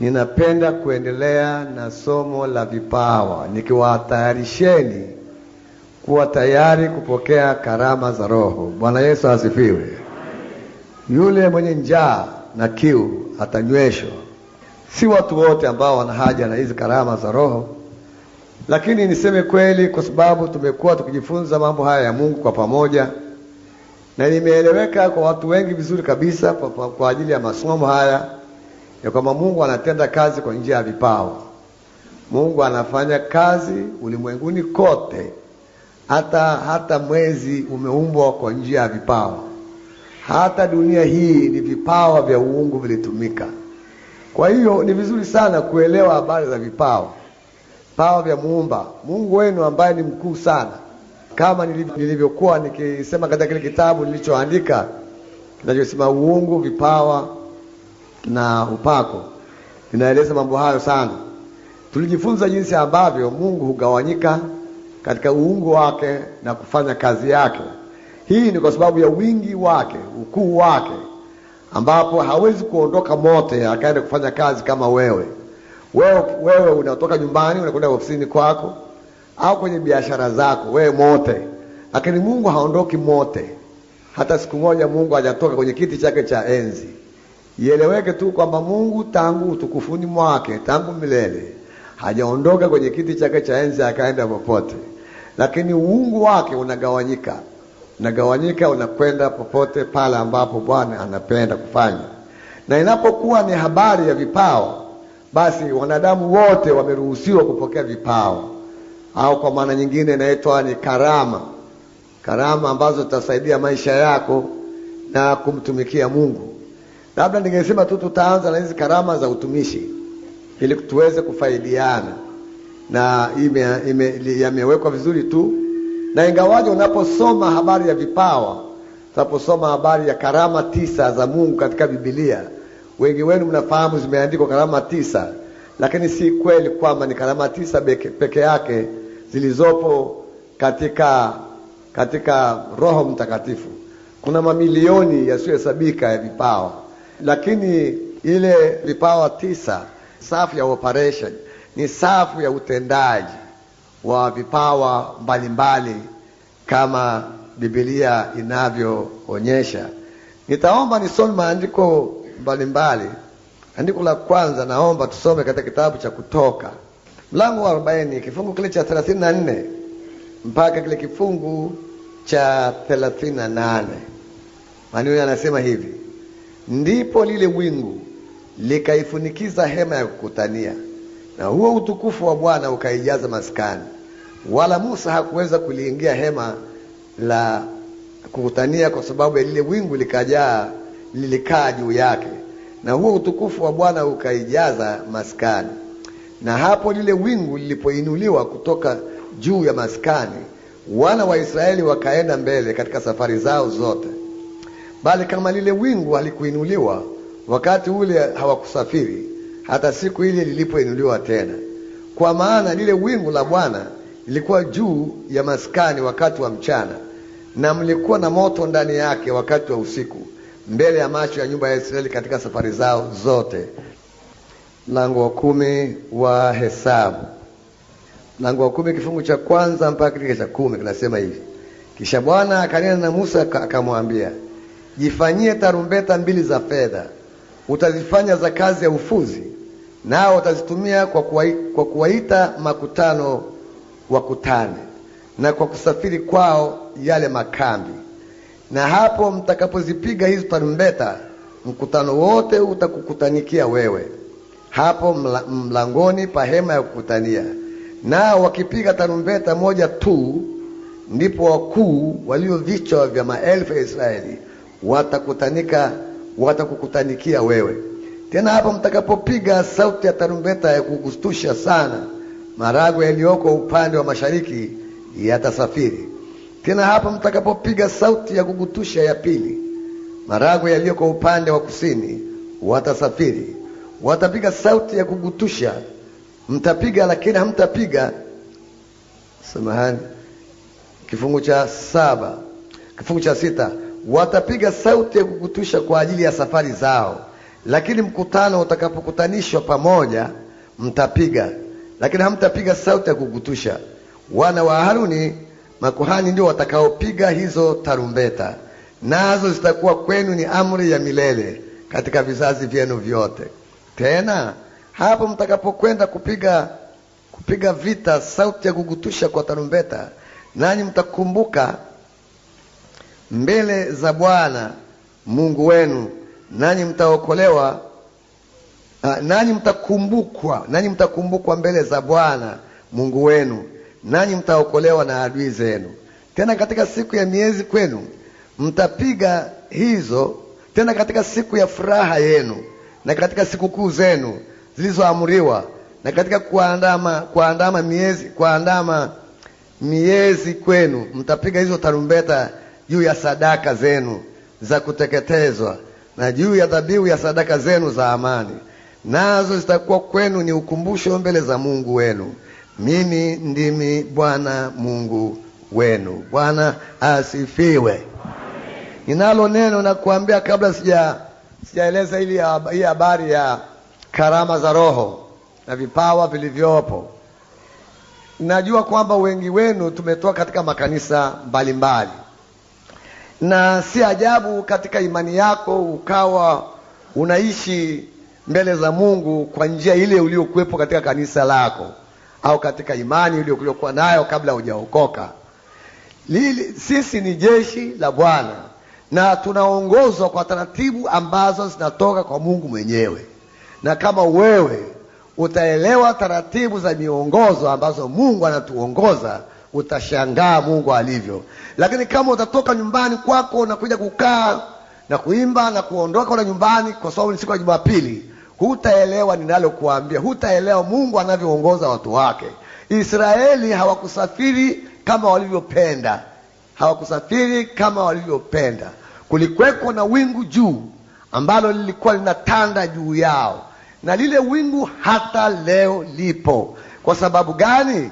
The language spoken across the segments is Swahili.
Ninapenda kuendelea na somo la vipawa nikiwatayarisheni kuwa tayari kupokea karama za Roho. Bwana Yesu asifiwe. Yule mwenye njaa na kiu atanyweshwa. Si watu wote ambao wana haja na hizi karama za Roho, lakini niseme kweli, kwa sababu tumekuwa tukijifunza mambo haya ya Mungu kwa pamoja na nimeeleweka kwa watu wengi vizuri kabisa kwa, kwa ajili ya masomo haya ya kwamba Mungu anatenda kazi kwa njia ya vipawa. Mungu anafanya kazi ulimwenguni kote, hata hata mwezi umeumbwa kwa njia ya vipawa. Hata dunia hii ni vipawa vya uungu vilitumika. Kwa hiyo ni vizuri sana kuelewa habari za vipawa, vipawa vya Muumba Mungu wenu ambaye ni mkuu sana, kama nilivyokuwa nikisema katika kile kitabu nilichoandika kinachosema uungu, vipawa na upako ninaeleza mambo hayo sana. Tulijifunza jinsi ambavyo Mungu hugawanyika katika uungu wake na kufanya kazi yake. Hii ni kwa sababu ya wingi wake, ukuu wake, ambapo hawezi kuondoka mote akaenda kufanya kazi kama wewe. Wewe, wewe unatoka nyumbani unakwenda ofisini kwako au kwenye biashara zako, wewe mote, lakini Mungu haondoki mote. Hata siku moja Mungu hajatoka kwenye kiti chake cha enzi. Ieleweke tu kwamba Mungu tangu utukufuni mwake, tangu milele hajaondoka kwenye kiti chake cha enzi akaenda popote, lakini uungu wake unagawanyika, unagawanyika, unakwenda popote pale ambapo Bwana anapenda kufanya. Na inapokuwa ni habari ya vipao basi wanadamu wote wameruhusiwa kupokea vipao au kwa maana nyingine inaitwa ni karama, karama ambazo zitasaidia maisha yako na kumtumikia Mungu. Labda ningesema tu tutaanza na hizi karama za utumishi ili tuweze kufaidiana na ime, ime, yamewekwa vizuri tu, na ingawaje unaposoma habari ya vipawa, unaposoma habari ya karama tisa za Mungu katika Biblia, wengi wenu mnafahamu zimeandikwa karama tisa, lakini si kweli kwamba ni karama tisa peke yake zilizopo katika katika Roho Mtakatifu. Kuna mamilioni yasiyohesabika ya vipawa lakini ile vipawa tisa, safu ya operation ni safu ya utendaji wa vipawa mbalimbali kama Biblia inavyoonyesha. Nitaomba nisome maandiko mbalimbali. Andiko la kwanza naomba tusome katika kitabu cha Kutoka mlango wa 40 kifungu kile cha 34 mpaka kile kifungu cha 38. Maneno yanasema hivi: ndipo lile wingu likaifunikiza hema ya kukutania, na huo utukufu wa Bwana ukaijaza maskani, wala Musa hakuweza kuliingia hema la kukutania kwa sababu ya lile wingu likajaa, lilikaa juu yake, na huo utukufu wa Bwana ukaijaza maskani. Na hapo lile wingu lilipoinuliwa kutoka juu ya maskani, wana wa Israeli wakaenda mbele katika safari zao zote bali kama lile wingu halikuinuliwa wakati ule hawakusafiri, hata siku ile lilipoinuliwa tena. Kwa maana lile wingu la Bwana lilikuwa juu ya maskani wakati wa mchana, na mlikuwa na moto ndani yake wakati wa usiku, mbele ya macho ya nyumba ya Israeli katika safari zao zote. Mlango wa kumi wa Hesabu, mlango wa kumi kifungu cha kwanza mpaka kile cha kumi kinasema hivi: kisha Bwana akanena na Musa akamwambia Jifanyie tarumbeta mbili za fedha, utazifanya za kazi ya ufuzi, nao utazitumia kwa kwa kuwaita makutano wakutane, na kwa kusafiri kwao yale makambi. Na hapo mtakapozipiga hizo tarumbeta, mkutano wote utakukutanikia wewe hapo mlangoni pa hema ya kukutania. Nao wakipiga tarumbeta moja tu, ndipo wakuu walio vichwa vya maelfu ya Israeli watakutanika watakukutanikia wewe tena. Hapo mtakapopiga sauti ya tarumbeta ya kukustusha sana, maragwe yaliyoko upande wa mashariki yatasafiri. Tena hapo mtakapopiga sauti ya kukutusha ya pili, maragwe yaliyoko upande wa kusini watasafiri. Watapiga sauti ya kugutusha, mtapiga lakini hamtapiga. Samahani, kifungu cha saba, kifungu cha sita watapiga sauti ya kukutusha kwa ajili ya safari zao, lakini mkutano utakapokutanishwa pamoja mtapiga, lakini hamtapiga sauti ya kukutusha. Wana wa Haruni makuhani ndio watakaopiga hizo tarumbeta, nazo zitakuwa kwenu ni amri ya milele katika vizazi vyenu vyote. Tena hapo mtakapokwenda kupiga kupiga vita, sauti ya kukutusha kwa tarumbeta, nanyi mtakumbuka mbele za Bwana Mungu wenu, nanyi mtaokolewa, ah, nanyi mtakumbukwa, nanyi mtakumbukwa mbele za Bwana Mungu wenu, nanyi mtaokolewa na adui zenu. Tena katika siku ya miezi kwenu mtapiga hizo, tena katika siku ya furaha yenu na katika sikukuu zenu zilizoamriwa na katika kuandama, kuandama miezi, kuandama miezi kwenu mtapiga hizo tarumbeta juu ya sadaka zenu za kuteketezwa na juu ya dhabihu ya sadaka zenu za amani, nazo zitakuwa kwenu ni ukumbusho mbele za Mungu wenu. Mimi ndimi Bwana Mungu wenu. Bwana asifiwe. Ninalo neno na kuambia kabla sija sijaeleza hii habari ya karama za Roho na vipawa vilivyopo. Najua kwamba wengi wenu tumetoka katika makanisa mbalimbali mbali na si ajabu katika imani yako ukawa unaishi mbele za Mungu kwa njia ile uliokuwepo katika kanisa lako au katika imani uliokuwa nayo kabla hujaokoka. Sisi ni jeshi la Bwana na tunaongozwa kwa taratibu ambazo zinatoka kwa Mungu mwenyewe, na kama wewe utaelewa taratibu za miongozo ambazo Mungu anatuongoza utashangaa Mungu alivyo. Lakini kama utatoka nyumbani kwako na kuja kukaa na kuimba na kuondoka na nyumbani, kwa sababu ni siku ya Jumapili, hutaelewa ninalokuambia, hutaelewa Mungu anavyoongoza watu wake. Israeli hawakusafiri kama walivyopenda, hawakusafiri kama walivyopenda. Kulikweko na wingu juu ambalo lilikuwa linatanda juu yao, na lile wingu hata leo lipo. Kwa sababu gani?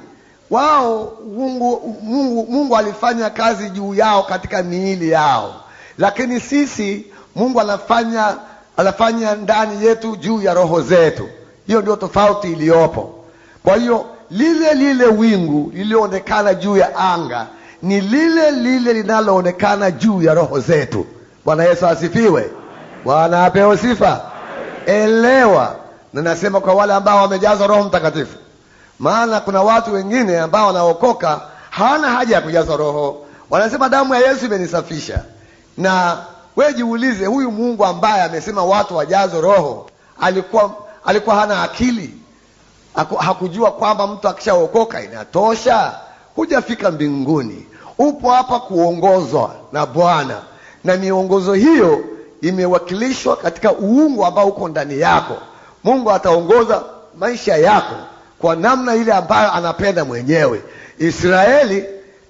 wao Mungu, Mungu, Mungu alifanya kazi juu yao katika miili yao, lakini sisi Mungu anafanya anafanya ndani yetu juu ya roho zetu. Hiyo ndio tofauti iliyopo. Kwa hiyo lile lile wingu lilioonekana juu ya anga ni lile lile linaloonekana juu ya roho zetu. Bwana Yesu asifiwe. Bwana apeo sifa. Elewa, na nasema kwa wale ambao wamejazwa Roho Mtakatifu maana kuna watu wengine ambao wanaokoka hawana haja ya kujazwa Roho, wanasema damu ya Yesu imenisafisha. Na wewe jiulize, huyu Mungu ambaye amesema watu wajazwe Roho alikuwa alikuwa hana akili? Hakujua kwamba mtu akishaokoka inatosha? Hujafika mbinguni, upo hapa kuongozwa na Bwana, na miongozo hiyo imewakilishwa katika uungu ambao uko ndani yako. Mungu ataongoza maisha yako kwa namna ile ambayo anapenda mwenyewe. Israeli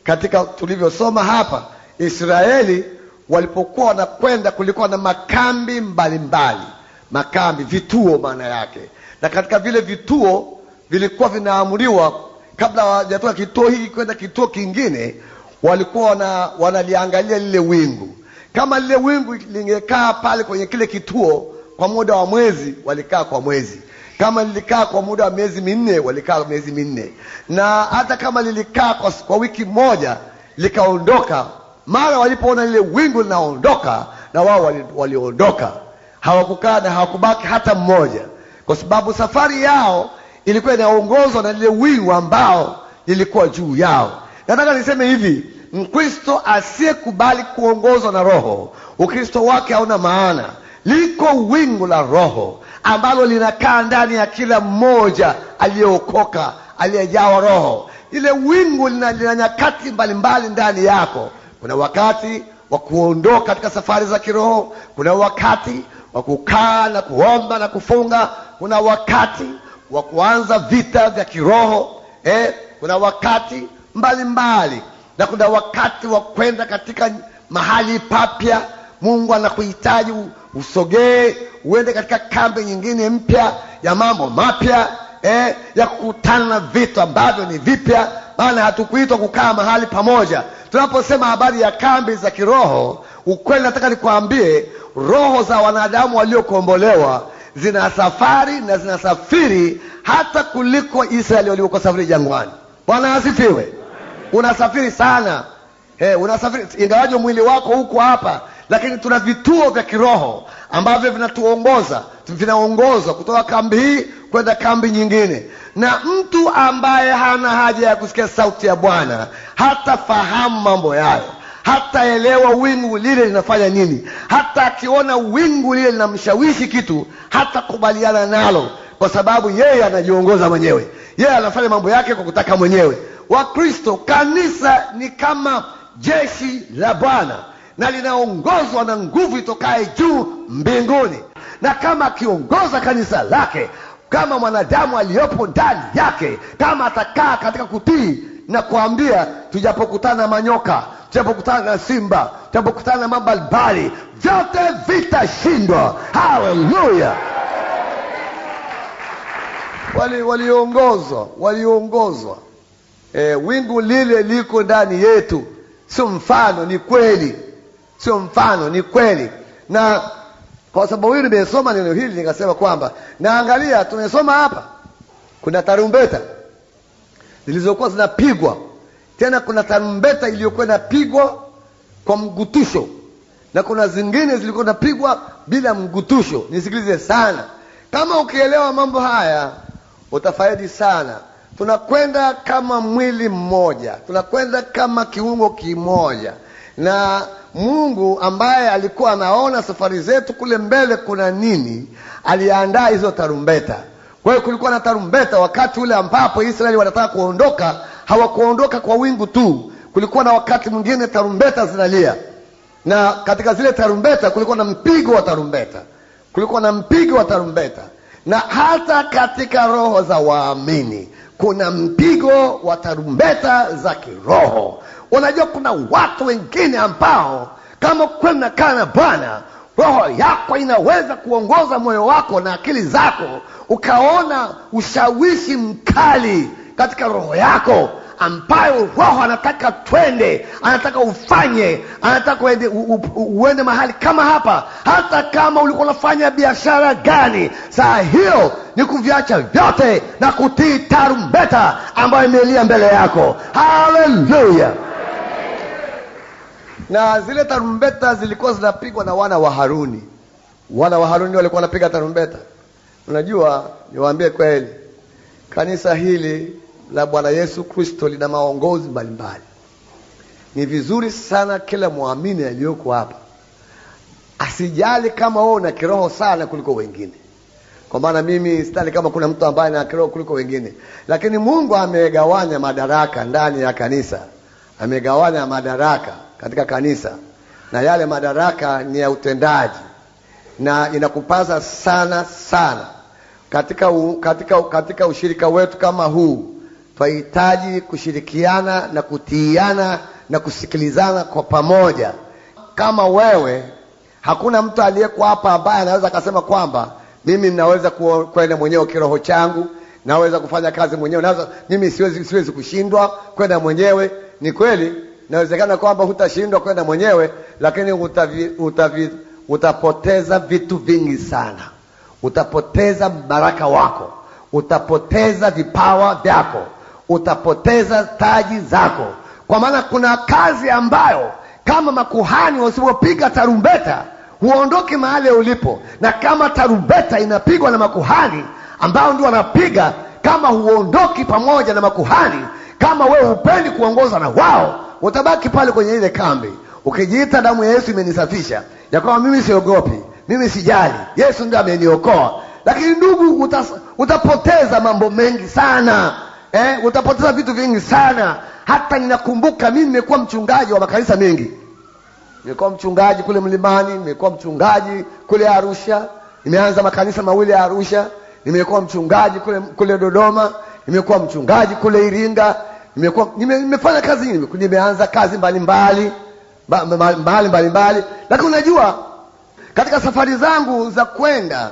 katika tulivyosoma hapa, Israeli walipokuwa wanakwenda, kulikuwa na makambi mbalimbali mbali. Makambi, vituo maana yake, na katika vile vituo vilikuwa vinaamuliwa kabla hawajatoka kituo hiki kwenda kituo kingine, walikuwa wana, wanaliangalia lile wingu. Kama lile wingu lingekaa pale kwenye kile kituo kwa muda wa mwezi, walikaa kwa mwezi kama lilikaa kwa muda wa miezi minne, walikaa miezi minne, na hata kama lilikaa kwa, kwa wiki moja likaondoka, mara walipoona lile wingu linaondoka, na wao waliondoka, hawakukaa na hawakubaki hata mmoja, kwa sababu safari yao ilikuwa inaongozwa na lile wingu ambao lilikuwa juu yao. Nataka niseme hivi, Mkristo asiyekubali kuongozwa na Roho, Ukristo wake hauna maana. Liko wingu la Roho ambalo linakaa ndani ya kila mmoja aliyeokoka aliyejawa Roho. Ile wingu lina, lina nyakati mbalimbali ndani yako. Kuna wakati wa kuondoka katika safari za kiroho, kuna wakati wa kukaa na kuomba na kufunga, kuna wakati wa kuanza vita vya kiroho eh, kuna wakati mbalimbali mbali. Na kuna wakati wa kwenda katika mahali papya Mungu anakuhitaji usogee, uende katika kambi nyingine mpya ya mambo mapya eh, ya kukutana na vitu ambavyo ni vipya, maana hatukuitwa kukaa mahali pamoja. Tunaposema habari ya kambi za kiroho, ukweli nataka nikuambie, roho za wanadamu waliokombolewa zina safari na zinasafiri hata kuliko Israeli waliokuwa safiri jangwani. Bwana asifiwe. Unasafiri sana eh, unasafiri ingawaje mwili wako huko hapa lakini tuna vituo vya kiroho ambavyo vinatuongoza, vinaongozwa kutoka kambi hii kwenda kambi nyingine. Na mtu ambaye hana haja ya kusikia sauti ya Bwana hatafahamu mambo yayo, hataelewa wingu lile linafanya nini. Hata akiona wingu lile linamshawishi kitu, hatakubaliana nalo, kwa sababu yeye anajiongoza mwenyewe, yeye anafanya mambo yake kwa kutaka mwenyewe. Wakristo, kanisa ni kama jeshi la Bwana na linaongozwa na nguvu itokaye juu mbinguni. Na kama akiongoza kanisa lake kama mwanadamu aliyopo ndani yake, kama atakaa katika kutii na kuambia, tujapokutana na manyoka, tujapokutana na simba, tujapokutana na mambo mbalimbali, vyote vitashindwa. Haleluya! Waliongozwa, waliongozwa. E, wingu lile liko ndani yetu, sio mfano, ni kweli sio mfano, ni kweli. Na kwa sababu hili nimesoma neno hili nikasema kwamba naangalia, tumesoma hapa, kuna tarumbeta zilizokuwa zinapigwa, tena kuna tarumbeta iliyokuwa inapigwa kwa mgutusho, na kuna zingine zilikuwa zinapigwa bila mgutusho. Nisikilize sana, kama ukielewa mambo haya utafaidi sana. Tunakwenda kama mwili mmoja, tunakwenda kama kiungo kimoja na Mungu ambaye alikuwa anaona safari zetu kule mbele kuna nini, aliandaa hizo tarumbeta. Kwa hiyo kulikuwa na tarumbeta wakati ule ambapo Israeli wanataka kuondoka. Hawakuondoka kwa wingu tu, kulikuwa na wakati mwingine tarumbeta zinalia, na katika zile tarumbeta kulikuwa na mpigo wa tarumbeta, kulikuwa na mpigo wa tarumbeta, na hata katika roho za waamini kuna mpigo wa tarumbeta za kiroho. Unajua, kuna watu wengine ambao kama kweli nakaa na Bwana, roho yako inaweza kuongoza moyo wako na akili zako, ukaona ushawishi mkali katika roho yako ambayo roho anataka twende, anataka ufanye, anataka uende, u, u, uende mahali kama hapa. Hata kama ulikuwa unafanya biashara gani, saa hiyo ni kuviacha vyote na kutii tarumbeta ambayo imelia mbele yako. Haleluya! Na zile tarumbeta zilikuwa zinapigwa na wana wa Haruni. Wana wa Haruni walikuwa wanapiga tarumbeta. Unajua, niwaambie kweli, kanisa hili la Bwana Yesu Kristo lina maongozi mbalimbali. Ni vizuri sana kila mwamini aliyoko hapa asijali kama wewe una kiroho sana kuliko wengine, kwa maana mimi sitali kama kuna mtu ambaye ana kiroho kuliko wengine, lakini Mungu amegawanya madaraka ndani ya kanisa, amegawanya madaraka katika kanisa, na yale madaraka ni ya utendaji, na inakupasa sana sana katika, u, katika, katika ushirika wetu kama huu Twahitaji kushirikiana na kutiiana na kusikilizana kwa pamoja. Kama wewe, hakuna mtu aliyeko hapa ambaye anaweza akasema kwamba mimi naweza kwenda mwenyewe kiroho changu, naweza kufanya kazi mwenyewe, naweza mimi siwezi, siwezi kushindwa kwenda mwenyewe. Ni kweli, inawezekana kwamba hutashindwa kwenda mwenyewe, lakini utavi, utavi, utapoteza vitu vingi sana. Utapoteza mbaraka wako, utapoteza vipawa vyako utapoteza taji zako, kwa maana kuna kazi ambayo kama makuhani wasipopiga tarumbeta huondoki mahali ulipo, na kama tarumbeta inapigwa na makuhani ambao ndio wanapiga, kama huondoki pamoja na makuhani, kama wewe hupendi kuongoza na wao, utabaki pale kwenye ile kambi ukijiita damu ya Yesu imenisafisha, ya kwamba mimi siogopi, mimi sijali, Yesu ndio ameniokoa. Lakini ndugu, utapoteza mambo mengi sana eh, utapoteza vitu vingi sana. Hata ninakumbuka mimi nimekuwa mchungaji wa makanisa mengi, nimekuwa mchungaji kule Mlimani, nimekuwa mchungaji kule Arusha, nimeanza makanisa mawili ya Arusha, nimekuwa mchungaji kule, kule Dodoma, nimekuwa mchungaji kule Iringa, nimekuwa nime, nimefanya kazi nimeanza kazi mbalimbali mbali mbalimbali, lakini unajua katika safari zangu za kwenda,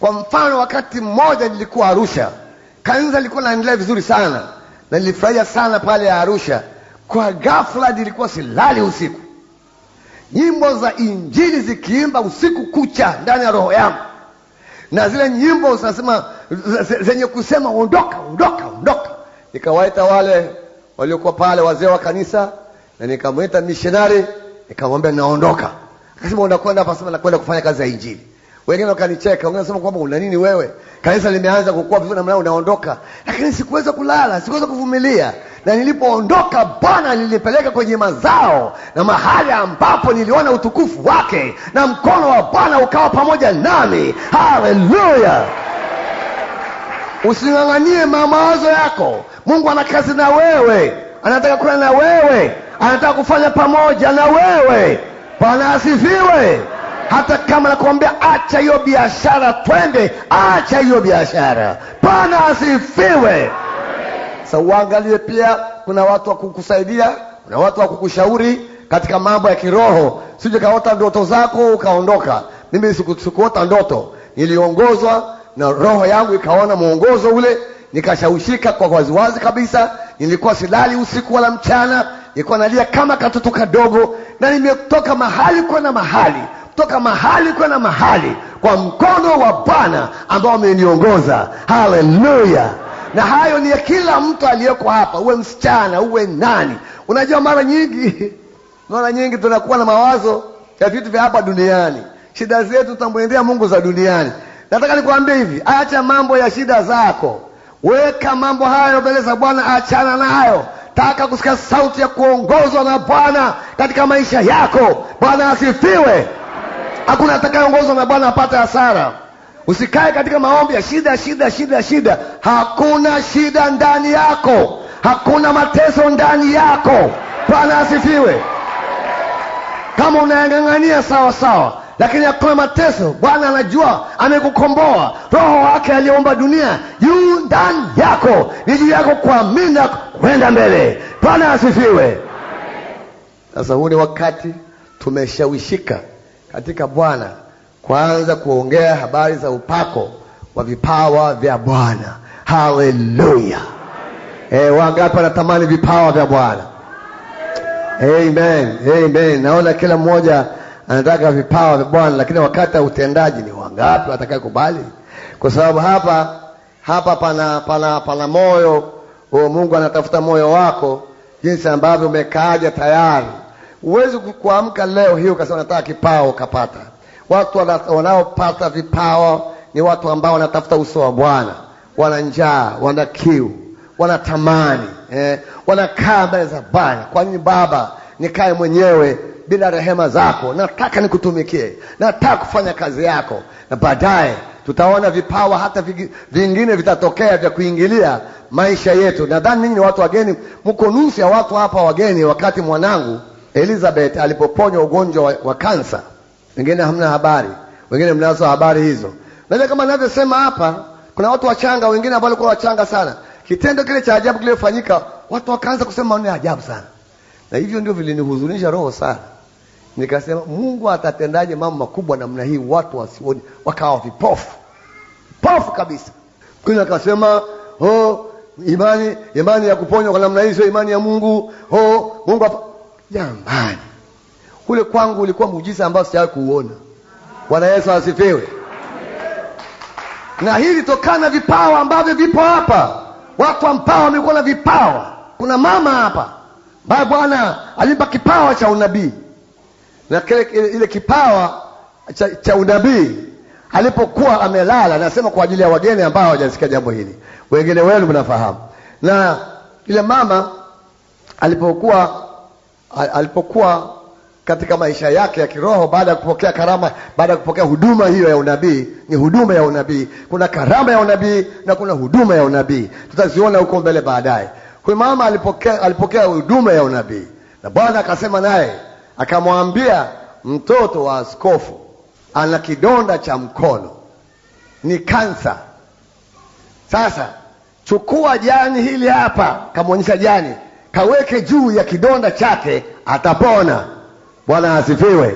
kwa mfano, wakati mmoja nilikuwa Arusha Kanisa lilikuwa naendelea vizuri sana na nilifurahia sana pale ya Arusha. Kwa ghafla nilikuwa silali usiku, nyimbo za injili zikiimba usiku kucha ndani ya roho yangu, na zile nyimbo zinasema zenye kusema ondoka, ondoka, ondoka. Nikawaita wale waliokuwa pale, wazee wa kanisa, na nikamwita missionary, nikamwambia naondoka. Akasema unakwenda hapa? Sema nakwenda kufanya kazi ya injili. Wengine wakanicheka, wengine wanasema kwamba una nini wewe, kanisa limeanza kukua vivyo namna unaondoka. Lakini sikuweza kulala, sikuweza kuvumilia, na nilipoondoka Bwana nilipeleka kwenye mazao na mahali ambapo niliona utukufu wake na mkono wa Bwana ukawa pamoja nami. Haleluya! Using'ang'anie mawazo yako. Mungu ana kazi na wewe, anataka kula na wewe, anataka kufanya pamoja na wewe. Bwana asifiwe hata kama nakuambia acha hiyo biashara, twende, acha hiyo biashara. pana asifiwe. so, uangalie pia, kuna watu wa kukusaidia, kuna watu wa kukushauri katika mambo ya kiroho. Sije kaota ndoto zako ukaondoka. Mimi sikuota ndoto, niliongozwa na roho yangu ikaona mwongozo ule, nikashawishika kwa waziwazi kabisa. Nilikuwa silali usiku wala mchana, nilikuwa nalia kama katoto kadogo, na nimetoka mahali kwenda mahali toka mahali kwenda mahali kwa mkono wa Bwana ambao ameniongoza Haleluya! na hayo ni ya kila mtu aliyeko hapa, uwe msichana uwe nani. Unajua, mara nyingi mara nyingi tunakuwa na mawazo ya vitu vya hapa duniani, shida zetu tutamwendea Mungu za duniani. Nataka nikuambia hivi, acha mambo ya shida zako, weka mambo hayo mbele za Bwana, achana nayo. Taka kusikia sauti ya kuongozwa na Bwana katika maisha yako. Bwana asifiwe. Hakuna atakayeongozwa na Bwana apate hasara. Usikae katika maombi ya shida, shida, shida, shida. Hakuna shida ndani yako, hakuna mateso ndani yako. Bwana asifiwe. Kama unayang'ang'ania sawa sawa, lakini hakuna mateso. Bwana anajua amekukomboa. Roho wake aliyeumba dunia juu ndani yako, ni juu yako kuamina kwenda mbele. Bwana asifiwe. Sasa huu ni wakati tumeshawishika katika Bwana kuanza kuongea habari za upako wa vipawa vya Bwana. Haleluya! E, eh, wangapi wanatamani vipawa vya Bwana? Amen, amen. Naona kila mmoja anataka vipawa vya Bwana, lakini wakati wa utendaji ni wangapi watakayekubali? Kwa sababu hapa hapa pana, pana, pana moyo. huo oh, Mungu anatafuta moyo wako, jinsi ambavyo umekaaja tayari Huwezi kuamka leo hiyo ukasema nataka kipao ukapata. Watu wanaopata vipao ni watu ambao wanatafuta uso wa Bwana, wana njaa, wana kiu, wanatamani eh, wanakaa mbele za Bwana. Kwa nini Baba nikae mwenyewe bila rehema zako? Nataka nikutumikie, nataka kufanya kazi yako, na baadaye tutaona vipawa hata vingine vitatokea vya kuingilia maisha yetu. Nadhani ninyi ni watu wageni, mko nusu ya watu hapa wageni, wakati mwanangu Elizabeth alipoponywa ugonjwa wa kansa. Wengine hamna habari, wengine mnazo habari hizo. Naja kama ninavyosema hapa, kuna watu wachanga wengine ambao walikuwa wachanga sana. Kitendo kile cha ajabu kilifanyika, watu wakaanza kusema maneno ya ajabu sana, na hivyo ndio vilinihuzunisha roho sana. Nikasema Mungu atatendaje mambo makubwa namna hii, watu wasioni wakawa vipofu pofu kabisa. Kuna akasema oh, imani imani ya kuponywa kwa namna hii sio imani ya Mungu. Oh, Mungu Jamani, kule kwangu ulikuwa muujiza ambao sijawahi kuuona. Bwana Yesu asifiwe. Na hili tokana na vipawa ambavyo vipo hapa. Watu ambao wamekuwa na vipawa. Kuna mama hapa ambaye Bwana alimpa kipawa cha unabii, na kile ile kipawa cha, cha unabii alipokuwa amelala, nasema kwa ajili ya wageni ambao hawajasikia jambo hili, wengine wenu mnafahamu. Na ile mama alipokuwa alipokuwa katika maisha yake ya kiroho baada ya kupokea karama, baada ya kupokea huduma hiyo ya unabii. Ni huduma ya unabii, kuna karama ya unabii na kuna huduma ya unabii, tutaziona huko mbele baadaye. Huyu mama alipokea, alipokea huduma ya unabii na Bwana akasema naye akamwambia, mtoto wa askofu ana kidonda cha mkono, ni kansa. Sasa chukua jani hili hapa, kamwonyesha jani kaweke juu ya kidonda chake atapona. Bwana asifiwe.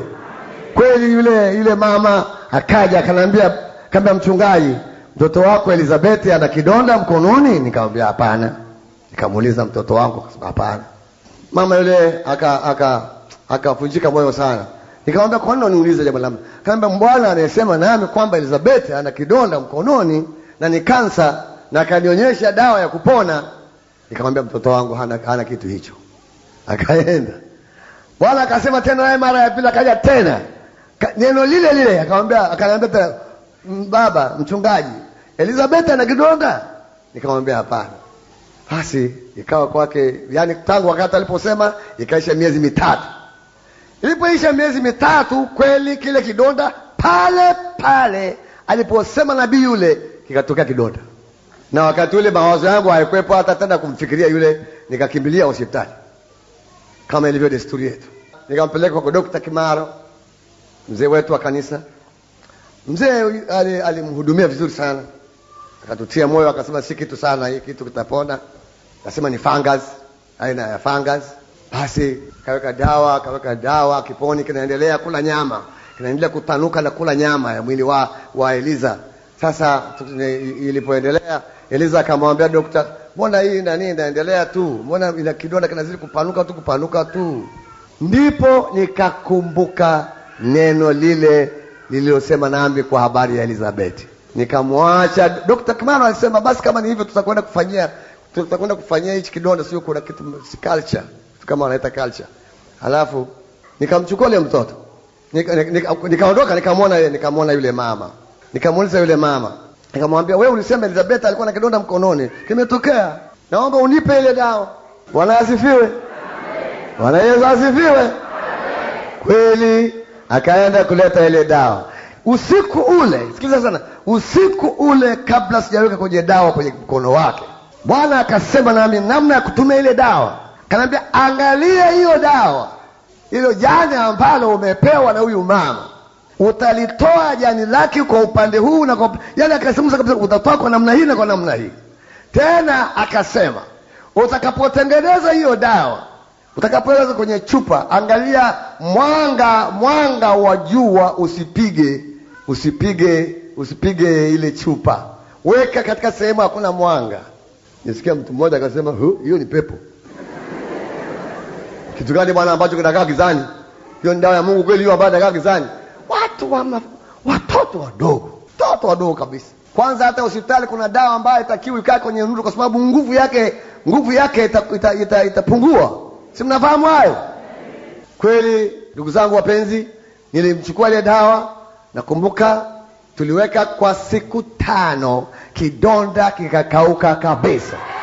Kweli yule yule mama akaja akaniambia, kama mchungaji, mtoto wako Elizabeth ana kidonda mkononi? Nikamwambia hapana. Nikamuuliza mtoto wangu? Akasema hapana. Mama yule aka aka akavunjika moyo sana. Nikamwambia kwa nini uniulize jambo la? Kaambia mbwana anayesema nami kwamba Elizabeth ana kidonda mkononi na ni kansa na akanionyesha dawa ya kupona Nikamwambia mtoto wangu hana, hana kitu hicho. Akaenda Bwana akasema tena naye mara ya pili akaja tena Ka, neno lile lile akamwambia, akaniambia tena baba mchungaji, Elizabeth ana kidonda. Nikamwambia hapana. Basi ikawa kwake, yani tangu wakati aliposema ikaisha miezi mitatu. Ilipoisha miezi mitatu, kweli kile kidonda pale pale aliposema nabii yule kikatokea kidonda na wakati ule mawazo yangu hayakuwepo hata tena kumfikiria yule, nikakimbilia hospitali kama ilivyo desturi yetu, nikampeleka kwa Dokta Kimaro, mzee wetu wa kanisa. Mzee alimhudumia vizuri sana, akatutia moyo, akasema si kitu sana, hii kitu kitapona. Akasema ni fungus, aina ya fungus. Basi kaweka dawa, kaweka dawa, kiponi kinaendelea, kula nyama, kinaendelea kutanuka na kula nyama ya mwili wa, wa Eliza sasa ilipoendelea Eliza akamwambia dokta, mbona hii nani inaendelea tu, mbona ina kidonda kinazidi kupanuka tu kupanuka tu. Ndipo nikakumbuka neno lile lililosema nami kwa habari ya Elizabeth, nikamwacha dokta Kimano. Alisema basi kama ni hivyo, tutakwenda kufanyia tutakwenda kufanyia hichi kidonda, sio kuna kitu culture kama wanaita culture. Alafu nikamchukua yule mtoto nikaondoka, nikamwona nikamwona yule mama Nikamuuliza yule mama, nikamwambia wewe ulisema Elizabeth alikuwa na kidonda mkononi kimetokea, naomba unipe ile dawa. Bwana asifiwe, Bwana Yesu asifiwe. Kweli akaenda kuleta ile dawa usiku ule. Sikiliza sana, usiku ule, kabla sijaweka kwenye dawa kwenye mkono wake, Bwana akasema nami namna ya kutumia ile dawa. Kanaambia, angalia hiyo dawa, hilo jani ambalo umepewa na huyu mama utalitoa jani lake kwa upande huu na kwa yani, akasema kabisa utatoa kwa namna hii na kwa namna hii. Tena akasema utakapotengeneza hiyo dawa, utakapoweza kwenye chupa, angalia mwanga, mwanga wa jua usipige, usipige, usipige ile chupa, weka katika sehemu hakuna mwanga. Nisikia mtu mmoja akasema hiyo ni pepo. Kitu gani bwana ambacho kinakaa gizani? Hiyo ni dawa ya Mungu kweli, hiyo ambayo inakaa gizani? watu wa ma... watoto wadogo, watoto wadogo kabisa. Kwanza hata hospitali kuna dawa ambayo itakiwi ikae kwenye nuru, kwa sababu nguvu yake nguvu yake itapungua, ita, ita, ita si mnafahamu hayo? Kweli ndugu zangu wapenzi, nilimchukua ile dawa, nakumbuka tuliweka kwa siku tano, kidonda kikakauka kabisa.